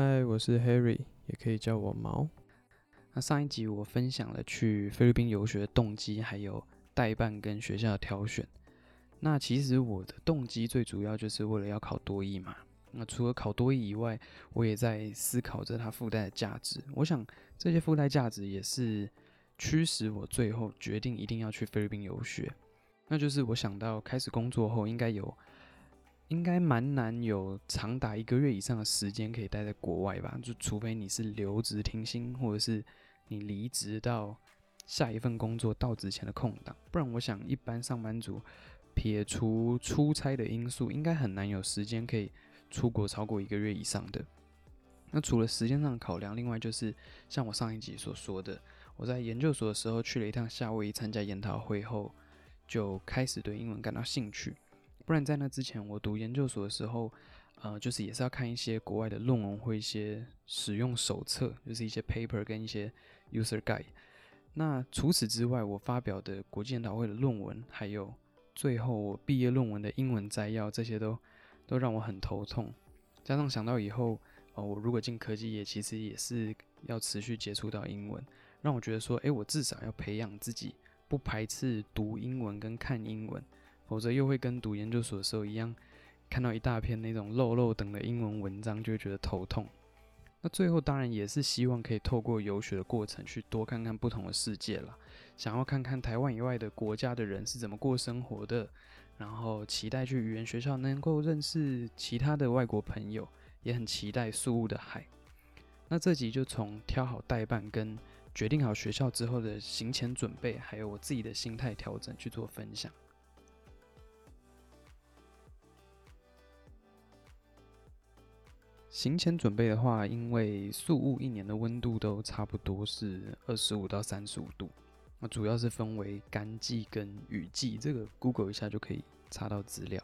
嗨，我是 Harry，也可以叫我毛。那上一集我分享了去菲律賓遊學的動機，還有代辦跟學校的挑選。那其實我的動機最主要就是為了要考多益嘛。那除了考多益以外，我也在思考着它附帶的價值。我想這些附帶價值也是驅使我最後決定一定要去菲律賓遊學。那就是我想到開始工作後應該有，應該蠻難有長達一個月以上的時間可以待在國外吧？就除非你是留職停薪，或者是你離職到下一份工作到職前的空檔，不然我想一般上班族撇除出差的因素，應該很難有時間可以出國超過一個月以上的。那除了時間上的考量，另外就是像我上一集所說的，我在研究所的時候去了一趟夏威夷參加研討會後，就開始對英文感到興趣。不然在那之前，我讀研究所的時候，呃，就是也是要看一些國外的論文或一些使用手冊，就是一些 paper 跟一些 user guide。那除此之外，我發表的國際研討會的論文，還有最後我畢業論文的英文摘要，這些都都讓我很頭痛。加上想到以後，呃，我如果進科技業，其實也是要持續接觸到英文，讓我覺得說，誒，我至少要培養自己不排斥讀英文跟看英文。否則又會跟讀研究所的時候一樣，看到一大篇那種漏漏等的英文文章，就會覺得頭痛。那最後當然也是希望可以透過遊學的過程去多看看不同的世界啦，想要看看台灣以外的國家的人是怎麼過生活的，然後期待去語言學校能夠認識其他的外國朋友，也很期待宿霧的海。那這集就從挑好代辦跟決定好學校之後的行前準備，還有我自己的心態調整去做分享。行前準備的話，因為宿務一年的溫度都差不多是二十五到三十五度，那主要是分為乾季跟雨季，這個 Google 一下就可以查到資料。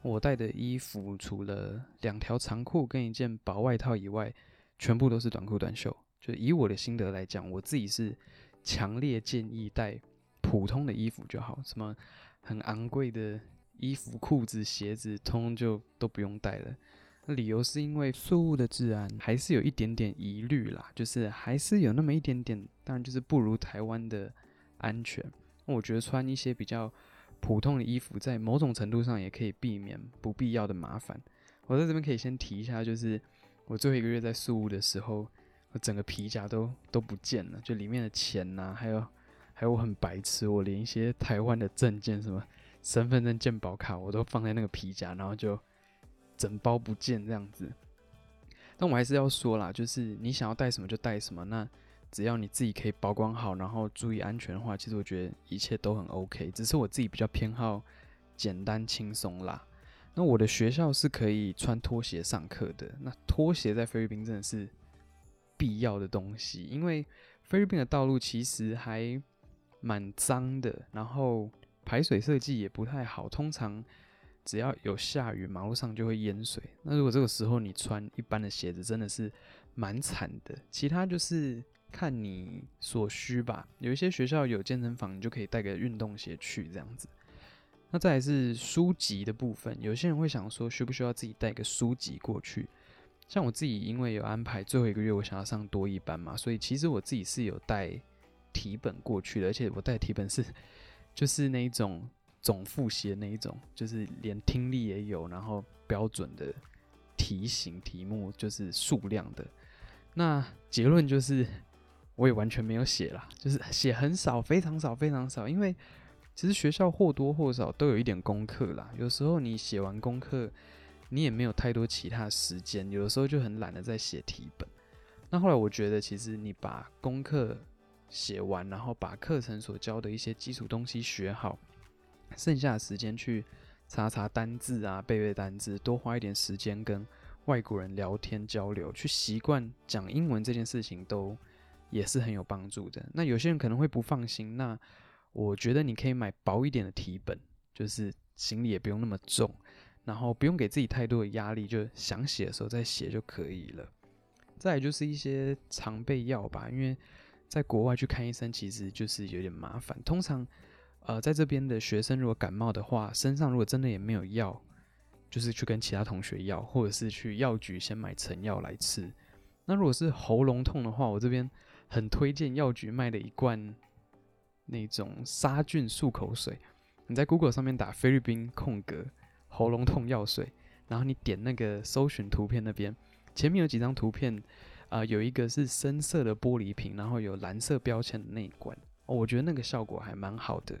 我帶的衣服除了兩條長褲跟一件薄外套以外，全部都是短褲短袖。就以我的心得來講，我自己是強烈建議帶普通的衣服就好，什麼很昂貴的衣服、褲子、鞋子，通通就都不用帶了。理由是因為宿霧的治安還是有一點點疑慮啦，就是還是有那麼一點點，當然就是不如台灣的安全。那我覺得穿一些比較普通的衣服，在某種程度上也可以避免不必要的麻煩。我在這邊可以先提一下，就是我最後一個月在宿霧的時候，我整個皮夾都都不見了，就裡面的錢吶，啊，還有還有我很白痴，我連一些台灣的證件，什麼身份證、健保卡，我都放在那個皮夾，然後就。整包不見這樣子，但我還是要說啦，就是你想要帶什麼就帶什麼。那只要你自己可以保管好，然後注意安全的話，其實我覺得一切都很 OK。只是我自己比較偏好簡單輕鬆啦。那我的學校是可以穿拖鞋上課的。那拖鞋在菲律賓真的是必要的東西，因為菲律賓的道路其實還蠻髒的，然後排水設計也不太好，通常，只要有下雨，馬路上就會淹水。那如果這個時候你穿一般的鞋子，真的是蠻慘的。其他就是看你所需吧。有一些學校有健身房，你就可以帶個運動鞋去，這樣子。那再來是書籍的部分，有些人會想說需不需要自己帶個書籍過去？像我自己，因為有安排最後一個月我想要上多一班嘛，所以其實我自己是有帶題本過去的，而且我帶題本是就是那一種。總複習的那一種，就是連聽力也有，然後標準的題型、題目就是數量的。那結論就是，我也完全沒有寫啦，就是寫很少，非常少，非常少。因為其實學校或多或少都有一點功課啦，有時候你寫完功課，你也沒有太多其他時間，有的時候就很懶得再寫題本。那後來我覺得，其實你把功課寫完，然後把課程所教的一些基礎東西學好。剩下的時間去查查單字啊，背背單字，多花一點時間跟外國人聊天交流，去習慣講英文這件事情都也是很有幫助的。那有些人可能會不放心，那我覺得你可以買薄一點的題本，就是行李也不用那麼重，然後不用給自己太多的壓力，就想寫的時候再寫就可以了。再來就是一些常備藥吧，因為在國外去看醫生其實就是有點麻煩，通常。呃，在這邊的學生如果感冒的話，身上如果真的也沒有藥，就是去跟其他同學要，或者是去藥局先買成藥來吃。那如果是喉嚨痛的話，我這邊很推薦藥局賣的一罐那種殺菌漱口水。你在 Google 上面打菲律賓空格喉嚨痛藥水，然後你點那個搜尋圖片那邊，前面有幾張圖片，啊、呃，有一個是深色的玻璃瓶，然後有藍色標籤的那一罐哦，我覺得那個效果還蠻好的。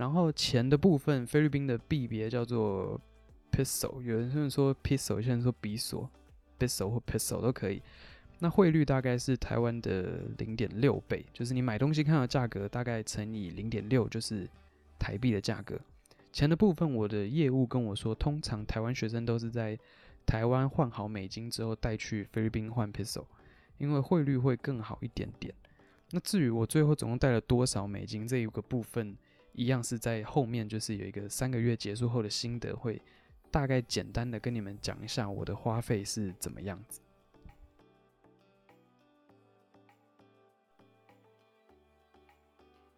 然後錢的部分，菲律賓的 b 別叫做 peso，有甚人說 peso，有些人說比索，peso 或 peso 都可以。那匯率大概是台灣的零點六倍，就是你買東西看到價格，大概乘以零點六就是台幣的價格。錢的部分，我的業務跟我說，通常台灣學生都是在台灣換好美金之後帶去菲律賓換 peso，因為匯率會更好一點點。那至於我最後總共帶了多少美金，這一個部分。一樣是在後面，就是有一個三個月結束後的心得，會大概簡單的跟你們講一下我的花費是怎麼樣子，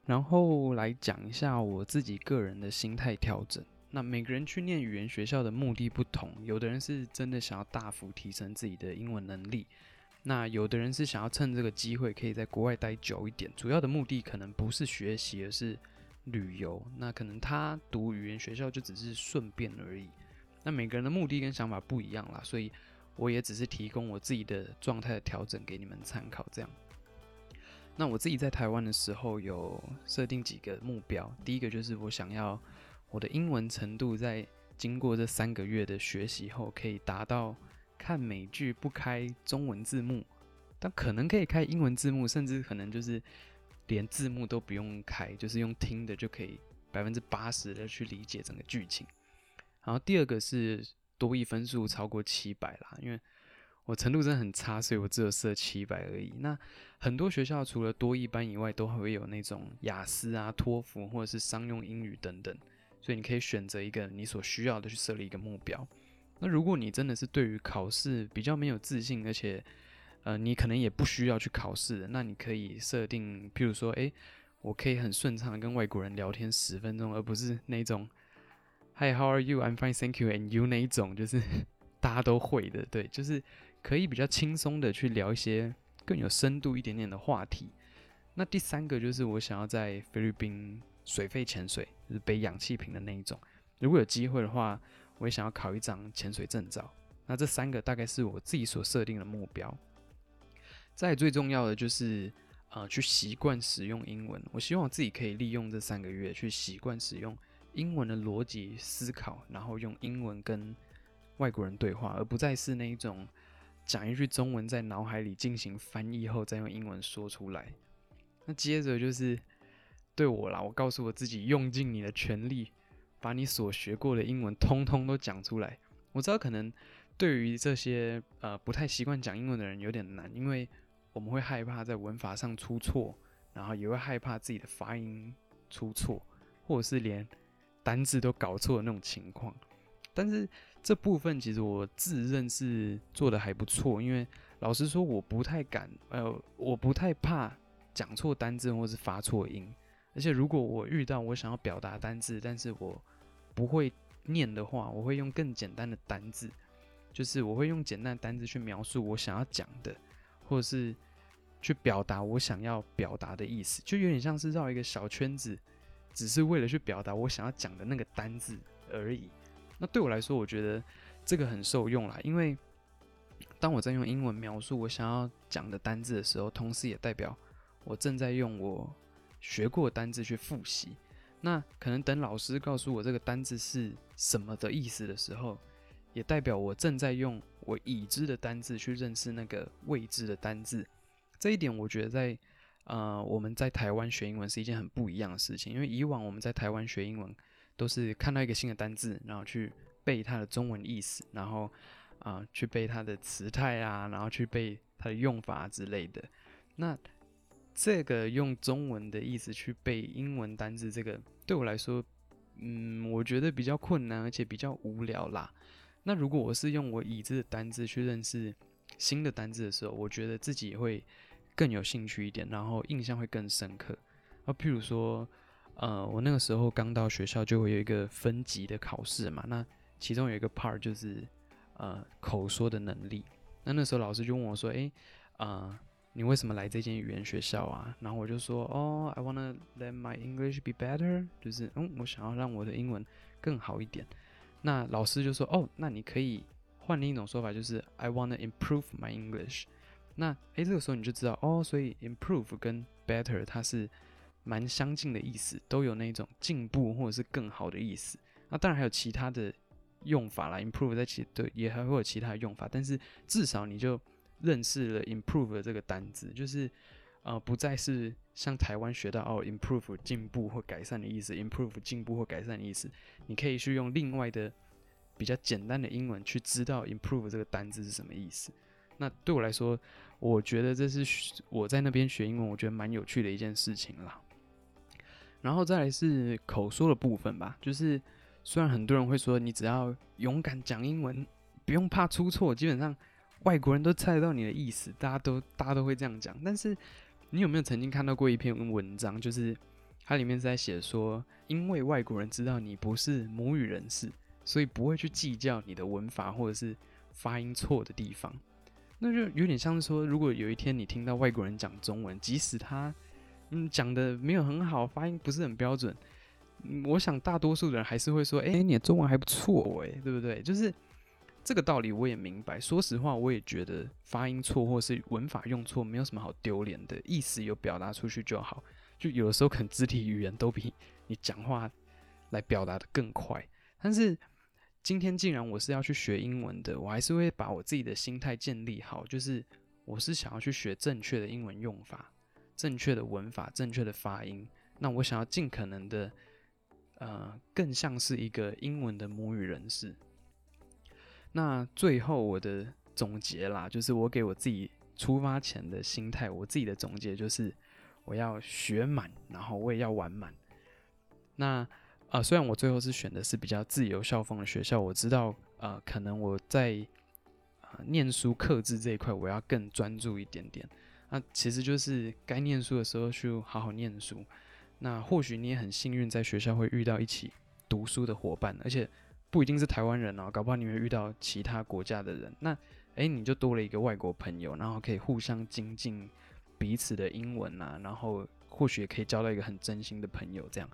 然後來講一下我自己個人的心態調整。那每個人去念語言學校的目的不同，有的人是真的想要大幅提升自己的英文能力，那有的人是想要趁這個機會可以在國外待久一點，主要的目的可能不是學習，而是……旅遊，那可能他讀語言學校就只是順便而已。那每個人的目的跟想法不一樣啦，所以我也只是提供我自己的狀態的調整給你們參考。這樣，那我自己在台灣的時候有設定幾個目標，第一個就是我想要我的英文程度在經過這三個月的學習後，可以達到看美劇不開中文字幕，但可能可以開英文字幕，甚至可能就是。連字幕都不用開，就是用聽的就可以百分之八十的去理解整個劇情。然後第二個是多益分數超過七百啦，因為我程度真的很差，所以我只有設七百而已。那很多學校除了多益班以外，都會有那種雅思啊、托福或者是商用英語等等，所以你可以選擇一個你所需要的去設立一個目標。那如果你真的是對於考試比較沒有自信，而且呃，你可能也不需要去考試的，那你可以設定，譬如說，誒、欸，我可以很順暢的跟外國人聊天十分鐘，而不是那種，Hi，How are you？I'm fine，Thank you，And you？那一種就是大家都會的，對，就是可以比較輕鬆的去聊一些更有深度一點點的話題。那第三個就是我想要在菲律賓水肺潛水，就是背氧氣瓶的那一種。如果有機會的話，我也想要考一張潛水證照。那這三個大概是我自己所設定的目標。再最重要的就是，呃，去習慣使用英文。我希望我自己可以利用這三個月去習慣使用英文的邏輯思考，然後用英文跟外國人對話，而不再是那一種講一句中文在腦海裡進行翻譯後再用英文說出來。那接着就是對我啦，我告訴我自己，用盡你的全力，把你所學過的英文通通都講出來。我知道可能。對於這些呃不太習慣講英文的人有點難，因為我們會害怕在文法上出錯，然後也會害怕自己的發音出錯，或者是連單字都搞錯的那種情況。但是這部分其實我自認是做得還不錯，因為老實說我不太敢，呃，我不太怕講錯單字或是發錯音，而且如果我遇到我想要表達單字，但是我不會念的話，我會用更簡單的單字。就是我會用簡單的單字去描述我想要講的，或者是去表達我想要表達的意思，就有點像是繞一個小圈子，只是為了去表達我想要講的那個單字而已。那對我來說，我覺得這個很受用啦，因為當我在用英文描述我想要講的單字的時候，同時也代表我正在用我學過的單字去複習。那可能等老師告訴我這個單字是什麼的意思的時候。也代表我正在用我已知的單字去認識那個未知的單字，這一點我覺得在，呃，我們在台灣學英文是一件很不一樣的事情。因為以往我們在台灣學英文，都是看到一個新的單字，然後去背它的中文意思，然後啊、呃、去背它的詞態啊，然後去背它的用法、啊、之類的。那這個用中文的意思去背英文單字，這個對我來說，嗯，我覺得比較困難，而且比較無聊啦。那如果我是用我已知的單字去認識新的單字的時候，我覺得自己也會更有興趣一點，然後印象會更深刻。那、啊、譬如說，呃，我那個時候剛到學校就會有一個分級的考試嘛，那其中有一個 part 就是呃口說的能力。那那時候老師就問我說：“哎、欸，啊、呃，你為什麼來這間語言學校啊？”然後我就說：“哦、oh,，I wanna let my English be better，就是嗯，我想要讓我的英文更好一點。”那老師就說：“哦，那你可以換另一種說法，就是 I wanna improve my English。那誒、欸，這個時候你就知道哦，所以 improve 跟 better 它是蠻相近的意思，都有那種進步或者是更好的意思。那當然還有其他的用法來 improve，在其對也還會有其他用法，但是至少你就認識了 improve 的這個單字，就是呃，不再是。”像台灣學到哦，improve 進步或改善的意思，improve 進步或改善的意思，你可以去用另外的比較簡單的英文去知道 improve 這個單字是什麼意思。那對我來說，我覺得這是我在那邊學英文，我覺得蠻有趣的一件事情啦。然後再來是口說的部分吧，就是雖然很多人會說你只要勇敢講英文，不用怕出錯，基本上外國人都猜得到你的意思，大家都大家都會這樣講，但是。你有沒有曾經看到過一篇文章？就是它裡面是在寫說，因為外國人知道你不是母語人士，所以不會去計較你的文法或者是發音錯的地方。那就有點像是說，如果有一天你聽到外國人講中文，即使他嗯講的沒有很好，發音不是很標準，我想大多數人還是會說：“誒，你的中文還不錯，誒，對不對？”就是。這個道理我也明白。說實話，我也覺得發音錯或是文法用錯沒有什麼好丟臉的，意思有表達出去就好。就有的時候可能肢體語言都比你講話來表達得更快。但是今天既然我是要去學英文的，我還是會把我自己的心態建立好，就是我是想要去學正確的英文用法、正確的文法、正確的發音。那我想要儘可能的，呃，更像是一個英文的母語人士。那最後我的總結啦，就是我給我自己出發前的心態，我自己的總結就是我要學滿，然後我也要玩滿。那啊、呃，雖然我最後是選的是比較自由校風的學校，我知道呃，可能我在啊、呃、唸書克制這一塊，我要更專注一點點。那其實就是該唸書的時候就好好唸書。那或許你也很幸運，在學校會遇到一起讀書的夥伴，而且。不一定是台灣人哦，搞不好你會遇到其他國家的人，那誒、欸，你就多了一個外國朋友，然後可以互相精進彼此的英文吶、啊，然後或許也可以交到一個很真心的朋友這樣。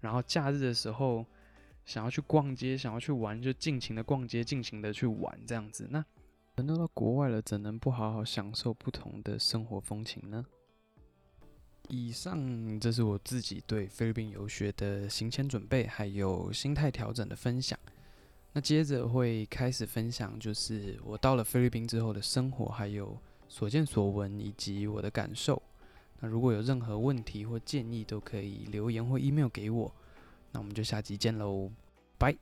然後假日的時候想要去逛街，想要去玩，就盡情的逛街，盡情的去玩這樣子。那人都到國外了，怎能不好好享受不同的生活風情呢？以上這是我自己對菲律賓遊學的行前準備還有心態調整的分享。那接着會開始分享，就是我到了菲律賓之後的生活，還有所見所聞以及我的感受。那如果有任何問題或建議，都可以留言或 email 給我。那我們就下集見嘍，拜。